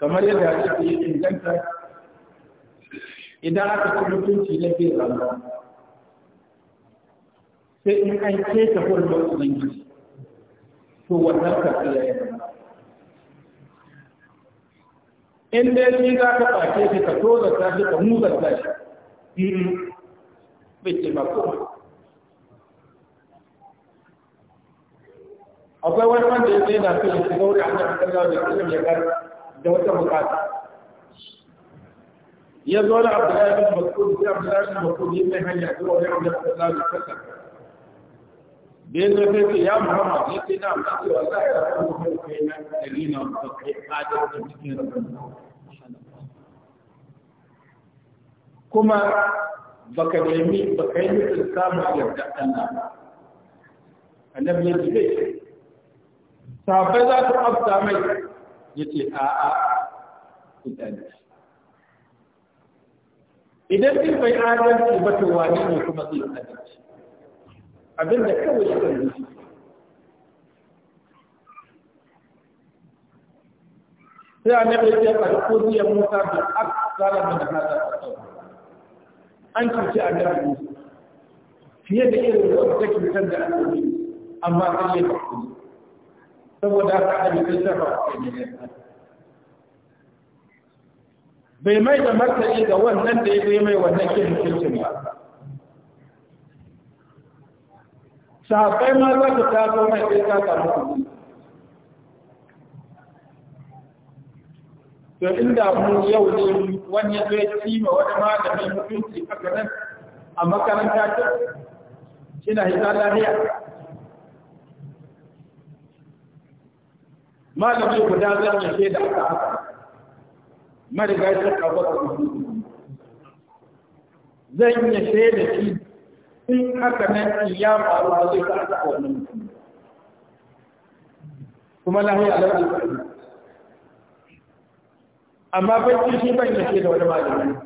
kamar yadda aka yi inganta idan aka ci mutunci na bin rana sai in an keta hulmar ubangiji to wannan karfi ya yi in dai ni za ka ɓace shi ka toza ta shi ka muza ta shi bai ce ba akwai wani wanda ya zai na fi shi gauri a kan kan da ya ya da wata bukata ya zo da abdullahi bin mas'ud sai abdullahi bin mas'ud ya mai hanya zuwa wani abdullahi bin sallam da ya zai sai ya muhammad ya ce na amince wa za a yi rabu mai kai na ɗari na kai adalci cikin rabin kuma baka nemi baka yi nufin samun yarda Allah annabi ya ce sabai za su afta mai yace a a idan idan kin bai adalci ba to wani ne kuma zai adalci abinda kawai shi kan yi sai annabi ya ce a kuriya Musa bi aksara min hada an cuci annabi Musa fiye da irin wanda take kan da annabi amma sai ya hakuri saboda haka sarrafa bai mai da martani ga wannan da ya mai wannan ba sahabbai ma za ta taso mai to inda mu yau ne wani ya zai cewa wani malami mutunci a a makaranta ta shi na malami guda zan yake da aka haka mariga shi kawo da kudu zan yi da shi in haka nan ya faru da zai ka aka wannan kuma lahiya alhamdulillah amma bacci shi ban ce da wani malami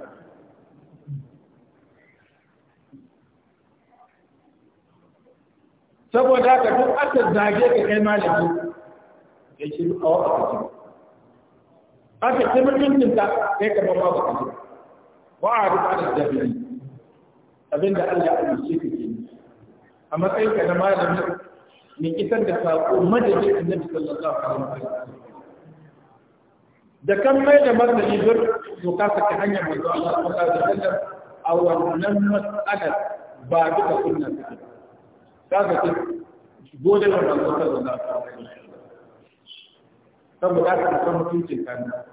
saboda ka duk aka zage ka kai malami ya shiru a wata kaji aka ce mutuncin ta kai kamar ba ba kaji ba a rufa da jahili da Allah ya amince ka ke a matsayin ka na malamin mai isar da saƙo madadin annabi sallallahu alaihi wasallam da kan mai da martani dur to ka saka hanyar manzo Allah sallallahu da wasallam a wannan mas'alar ba duka sunna take ka ga gode wa manzo sallallahu alaihi wasallam saboda haka a san mutuncin kanka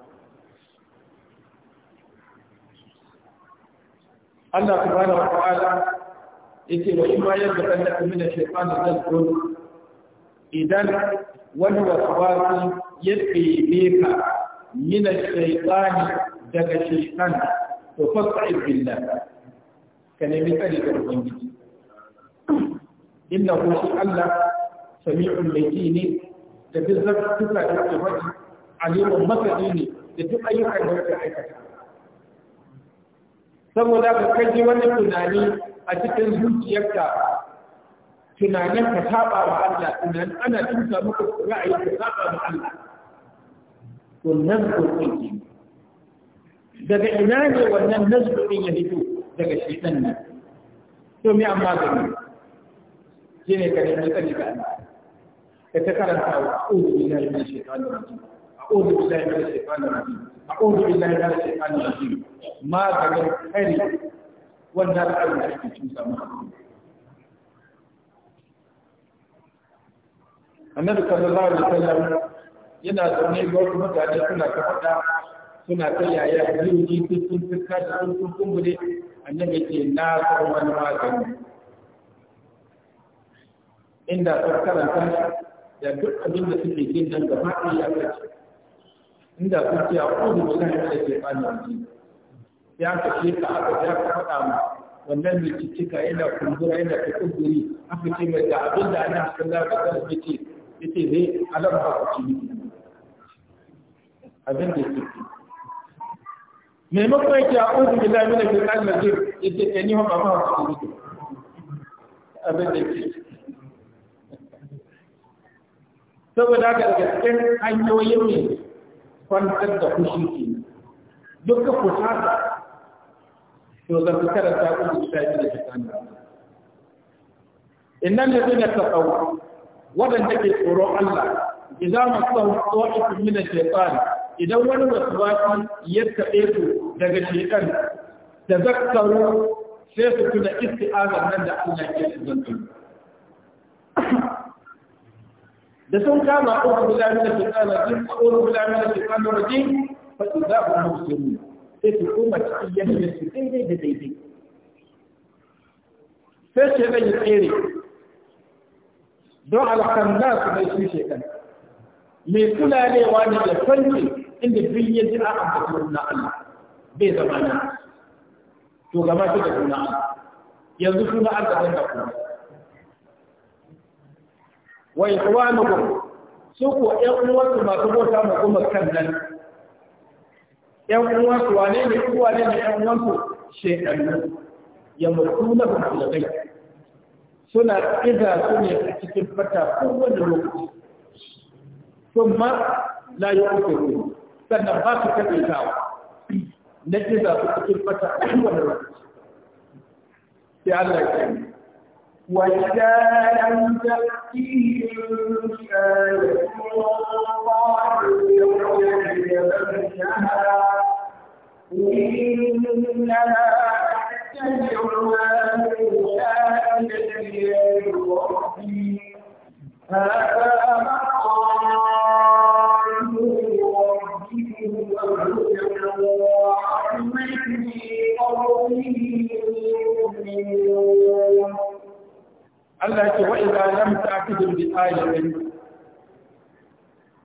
Allah subhanahu wa ya ce wa in bayar da kanka min shaytan zalkun idan wani waswasi ya tsebe ka min shaytan daga shaytan to fasta'id billah ka nemi tsari da ubangiji innahu Allah sami'un mai ne da duk zartuka da ke faɗi alimun masani ne da duk ayyukan da yake aikata saboda ka kaji wani tunani a cikin zuciyarka tunanin ka saba wa Allah tunanin ana tuka muku ra'ayi ka saba wa Allah to nan ko daga ina ne wannan nazarin ya fito daga shaytan nan? to me amma gani shine kare ne kare ka Allah ka ta karanta maganin kari wannan abin da annabi sallallahu alaihi wasallam yana zaune ga wasu mutane suna ta suna ta yaya jirgi sun sun fuska da sun sun kumbure annabi ce na san wani magani inda sun karanta da duk abin da suke jin nan gaba ɗaya ya kace inda kun ce a kudu da kan da ke bani wani ya kace ka aka ya ka faɗa ma wannan mai cicika yana kumbura yana ta kumburi aka ce mai da abin da ana cikin lafiya da ya ce ya ce zai alamma ku ci abin da ke maimakon yake a ƙudu bilamin da ke kan da zai ya ce ɗani hama ma ku ci abin da ke saboda haka daga cikin hanyoyin ne kwantar da kushi ke duka fusata to zan fi karanta ku da shafi da shafi inna ne zai ta tsawo waɗanda ke tsoro Allah idan masu tsohon min shaitan idan wani wasu wasu ya taɓe su daga shaitan da zakkaru sai su tuna isti'azar nan da Allah ke zanta da sun kama a'udhu billahi minash shaitanir rajim a'udhu billahi minash shaitanir rajim fa idza hum muslimun sai su koma cikin yanayin su daidai da daidai sai shaitan ya tsere don alhamdulillah su bai shi shaitan mai kulalewa ne da fanci inda duk ya ji a ambaci na Allah bai zama nan to gama shi da sunan Allah yanzu suna Allah zan da kuma wa ikhwanukum su ko uwan uwansu masu bauta ma kuma kan nan ƴan su wane ne wane ne ƴan uwansu shekaru ya mutu na kai suna ƙiza su ne a cikin fata kowane lokaci kuma la yi uku sannan ba su kaɗe ta na ƙiza su cikin fata kowane lokaci sai Allah ya وإذا لم تأتيهم آية قالوا يتبنها إنما تتبع ما من الذي ربي هذا مقام ربهم وهدى وعلم في قومه Allah ya ce wa idza lam ta'tihim bi ayatin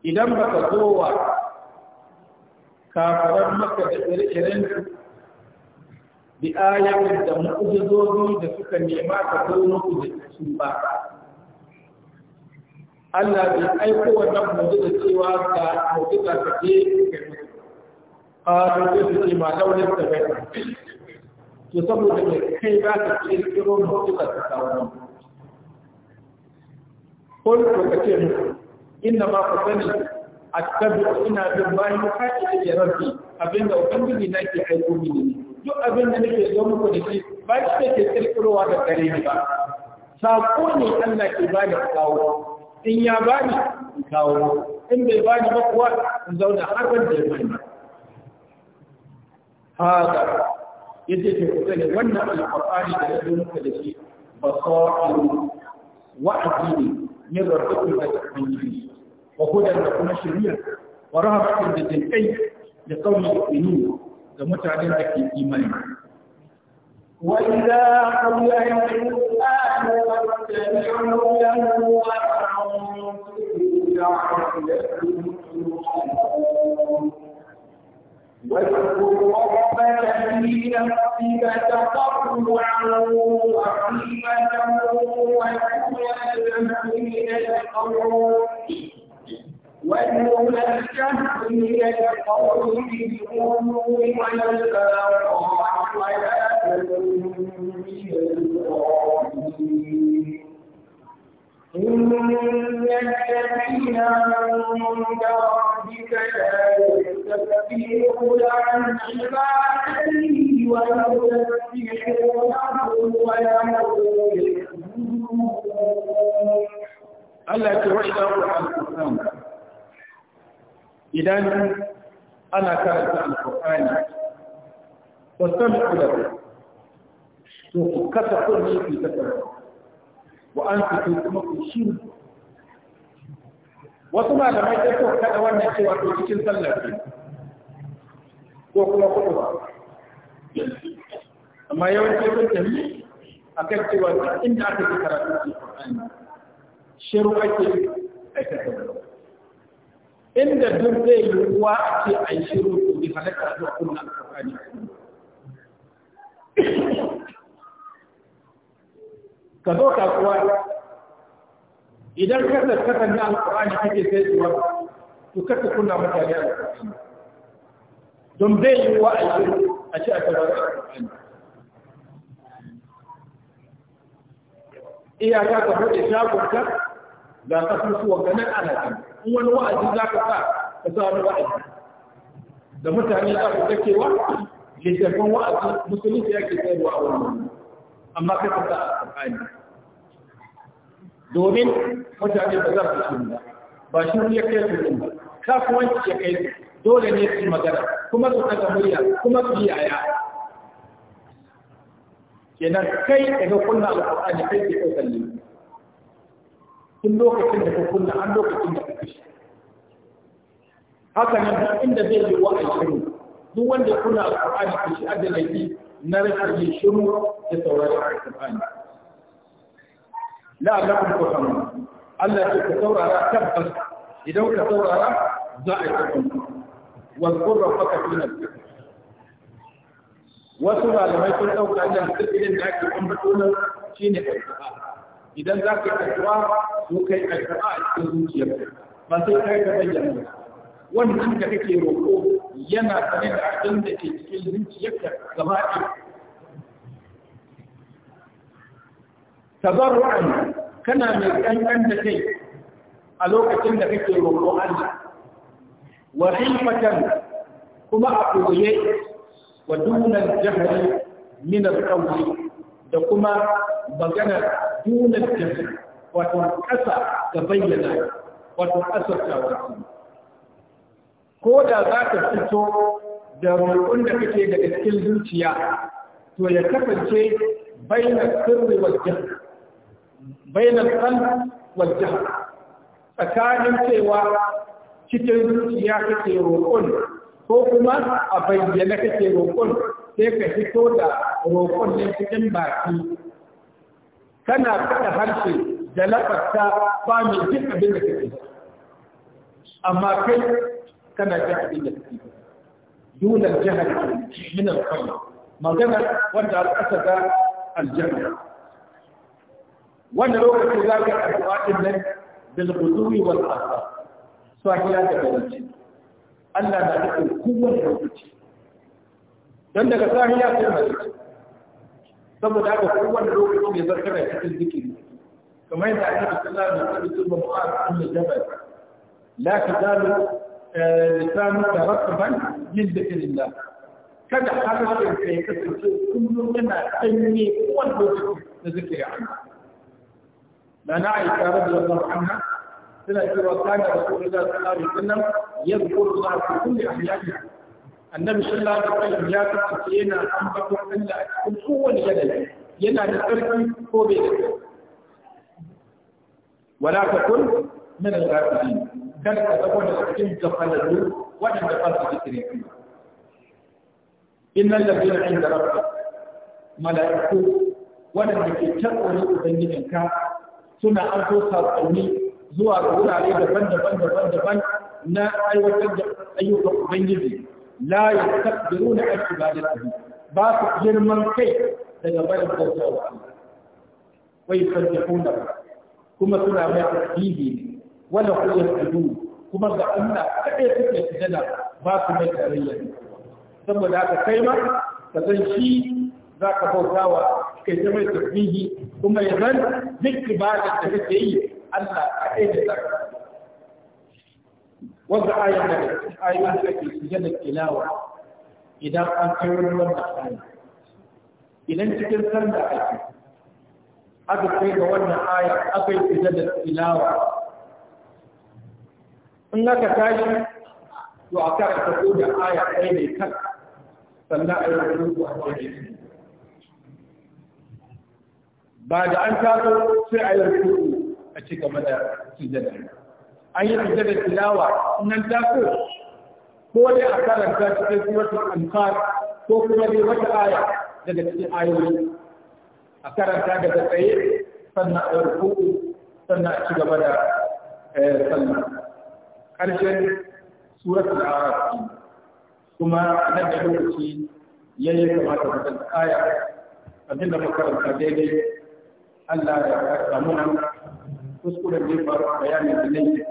idan ba zo wa kafaran maka da ire bi ayatin da mu'jizozi da suka nema ka zo muku da su ba Allah bai aiko wannan mu'jiza cewa ga mu'jiza ka je ka yi قالوا ma ما لو لم تفعل to saboda mai kai za ka kirkiro mutuka ta kawo قلت وكتير إنما قصني أتبع إنا بالله محاكي يا ربي أبين لو كان بني حيثو مني جو أبين ناكي يوم كنتي باش تكي تلقلوا هذا كريم با ساقوني أنا كبالي أقاو إن ياباني أقاو إن بيباني بقوة نزونا حربا جيباني هذا يجب أن وانا القرآن الذي نقل فيه بصائر وعدين ya zarfafi da ubangiji wa hudar da kuma shirya wa rahoton da jinkai da kaunin inu da mutanen da ke imani وإذا قضي القرآن فاتبعوا له ya لعلكم واذكر ربك في نفسك تضرعا وخيفة ودون الذين يتقون ودون الذين يتقون بالغلو والآثار ولا تكن الظالمين إن الذين عند ربك لا Allah ce wa'ida wa al idan ana karanta al-Qur'ani wasan kula to ku kasa kurmi ku ta wa an fi kuma ku shiru wasu malamai sai ko kada wannan cewa to cikin sallar ne ko kuma kudu amma yawancin sun tafi a kan cewa duk inda aka fi karatu ke Qur'ani shiru ake aikata wannan inda duk zai yi ruwa a ce a yi shiru to bi halatta zuwa kunna Qur'ani ka zo kasuwa idan kasar kasar na alƙur'ani kake sai suwa to kasar kunna mutane a don bai yi wa a yi a ci a tabbata alƙur'ani iyaka ka buɗe shagonka ga kasusuwan ganin ana ji in wani wa'azi za ka sa ka sa wani wa'azi da mutane za ku takewa littattafan wa'azi musulunci yake sayarwa a wannan amma kai kuka a domin mutane ba za su shiru ba ba ne ya kai su ba kasuwanci ya kai su dole ne su magana kuma su saka murya kuma su yi aya kenan kai daga kunna alqur'ani kai ke kai ne tun lokacin da ka kunna har lokacin da ka kashe haka nan inda zai yi wa'ayi duk wanda kuna alqur'ani shi adalci na rashin shiru da saurari a Qur'ani la Allah ku san Allah ce ku saurara tabbas idan ka saurara za a yi kuma wal qurra faka fi wasu malamai sun ɗauka da sirrin da ake ambato nan shine alqur'ani idan za ka addu'a su kai addu'a a cikin zuciyarka ba sai kai ka bayyana wannan da kake roƙo yana sane da abin da ke cikin zuciyarka gaba ɗaya ru'an kana mai kankan da kai a lokacin da kake roƙo Allah wa haifatan, kuma a koye wa dunan jahari min al da kuma magana dunan jahari wato kasa ga bayyana wato ƙasar wa ko da za ka fito da roƙon da kake da cikin zuciya to ya kasance bainar sirri wal bainar qalb wal tsakanin cewa cikin zuciya kake roƙon ko kuma a bayyana kake roƙon sai ka fito da roƙon ne cikin baki kana kada harshe da lafarta ba mai jin abin da kake amma kai كما جاء في التكليف دون الجهل من الخلق ما جمع وانت الاسد الجمع وانا لو كنت ذاك الاسواق من بالغدو والاخر صحيح هذا بلدي انا لا اقول قوة الوجه لانك صحيح هذا بلدي ثم ذاك قوة الوجه يذكر في الذكر كما انت عزيز الله من قبل ثم مؤمن ان الجبل لا تزال لسانك ترقبا من ذكر الله كذا حدث في كثرة كل منا تنمي والبذكر لذكر عنها لا نعي رضي الله عنها سنة وكان رسول الله صلى الله عليه وسلم يذكر الله في كل احيانه النبي صلى الله عليه وسلم لا تتسينا ان بطر إلا أكثر هو الجدل ينا نترك هو ولا تكن من الغافلين kar ka zama da cikin gafalallu waɗanda ba su zikiri kuma innal ladina inda rabbika mala'iku waɗanda ke tsaron ubangijinka suna an so saƙonni zuwa ga wurare daban-daban daban-daban na aiwatar da ayyukan ubangiji la yastakbiruna an ibadatihi ba su girman kai daga barin bautawa Allah wai sabbihuna kuma suna mai tasbihi ne wala ku yasjudu kuma ga Allah kadai suke sujada ba su mai tarayya saboda aka kai ma ka san shi za zaka bautawa kai ta mai tasbihi kuma ya zan duk ibada da kake yi Allah kadai da zaka wanda ayan da ayan da ke sujada tilawa idan an kai ruwan da tsari idan cikin sanda ake aka kai ga wannan aya aka yi sujada tilawa in aka tashi to a karanta ko da aya ɗaya ne kan sannan a yi rubutu a cikin ba da an taso sai a yi rubutu a ci gaba da sujada an yi sujada tilawa in an taso ko dai a karanta shi kuma suratul anfal ko kuma dai wata aya daga cikin ayoyi a karanta daga tsaye sannan a yi rubutu sannan a ci gaba da eh, sallah ƙarshen surat araf kuma nan da lokaci yayin kamata mu san aya abin da makaranta daidai Allah ya kasa muna kuskuren da faru bayanin da nake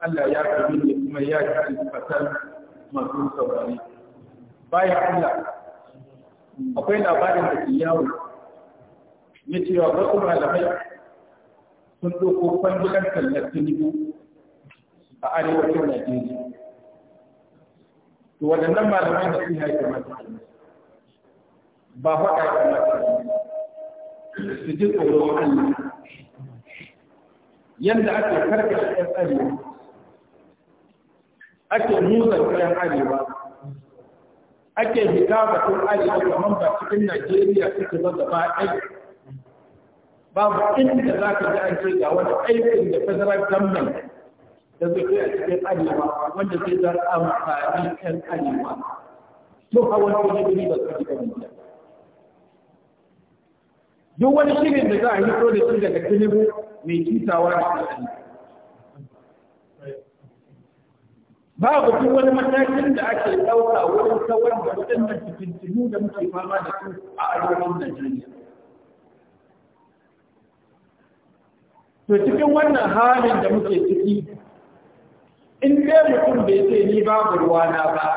Allah ya karbi ne kuma ya karbi fasar masu saurari bayan Allah akwai labarin da ke yawo na cewa wasu malamai sun doko kwangilan tallar tunibu a arewacin Najeriya. To waɗannan malamai da su haifi mata ba faɗa ya mata su ji tsoron Allah. Yanda ake karkashe ɗan arewa, ake nuzar ɗan arewa, ake hita batun arewa kamar ba cikin Najeriya suke zaba ba aiki. Babu inda za ka ji an ce ga wani aikin da federal government da zai kai a cikin arewa wanda zai zar amfani ɗan arewa to a wani wani gari ba su cikin mutum duk wani shirin da za a hito da shi daga tinubu mai kisawa da shi babu duk wani matakin da ake ɗauka wurin kawar da waɗannan fitintinu da muke fama da su a arewacin Najeriya. To cikin wannan halin da muke ciki in dai mutum bai ce ni babu ruwana ba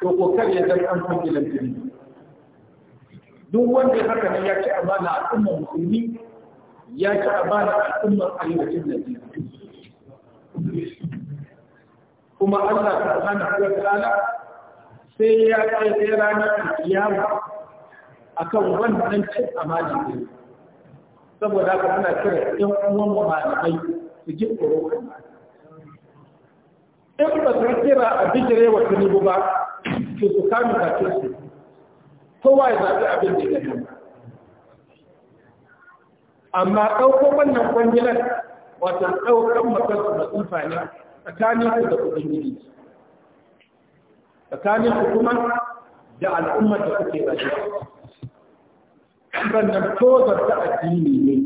to ko kar ya zama an san gidan duk wanda ya haka ya ci amana al'ummar musulmi ya ci amana al'ummar arewacin Najeriya kuma Allah subhanahu wa ta'ala sai ya kai sai ranar kiyama akan wannan cin amana ne saboda haka ana kira ɗan uwan malamai su ji tsoron in ba su kira a bijire wa nubu ba to su kame ce su kowa ya zaɓi abin da ya amma ɗauko wannan kwangilar wata ɗaukan makarsu da tsufani tsakanin su da ubangiji tsakanin su kuma da al'ummar da kuke rayuwa sannan tozarta addini ne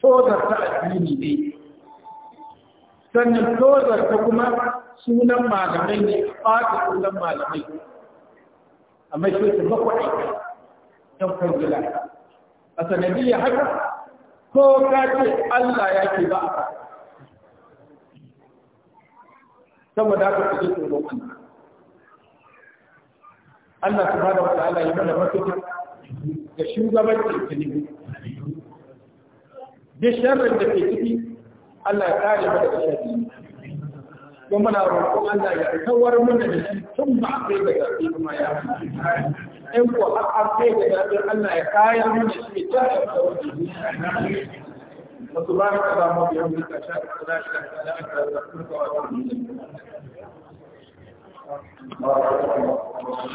tozarta addini ne sannan tozar ta kuma sunan malamai ne a fata sunan malamai a mai shi su don kwangila a sanadiyya haka ko ka Allah ya ke ba a saboda haka ku ji tsoron Allah Allah subhanahu wata ala ya mana mafita da shugabancin tunani da shirin da ke ciki Allah ya kare mu daga sharri don muna roƙon Allah ya kawar mana da shi tun ba a kai ga zafi kuma ya in ko har an kai ga zafi Allah ya kayar mana shi ta da kawai وسبحانك اللهم وبحمدك اشهد ان لا اله الا انت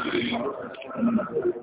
استغفرك واتوب اليك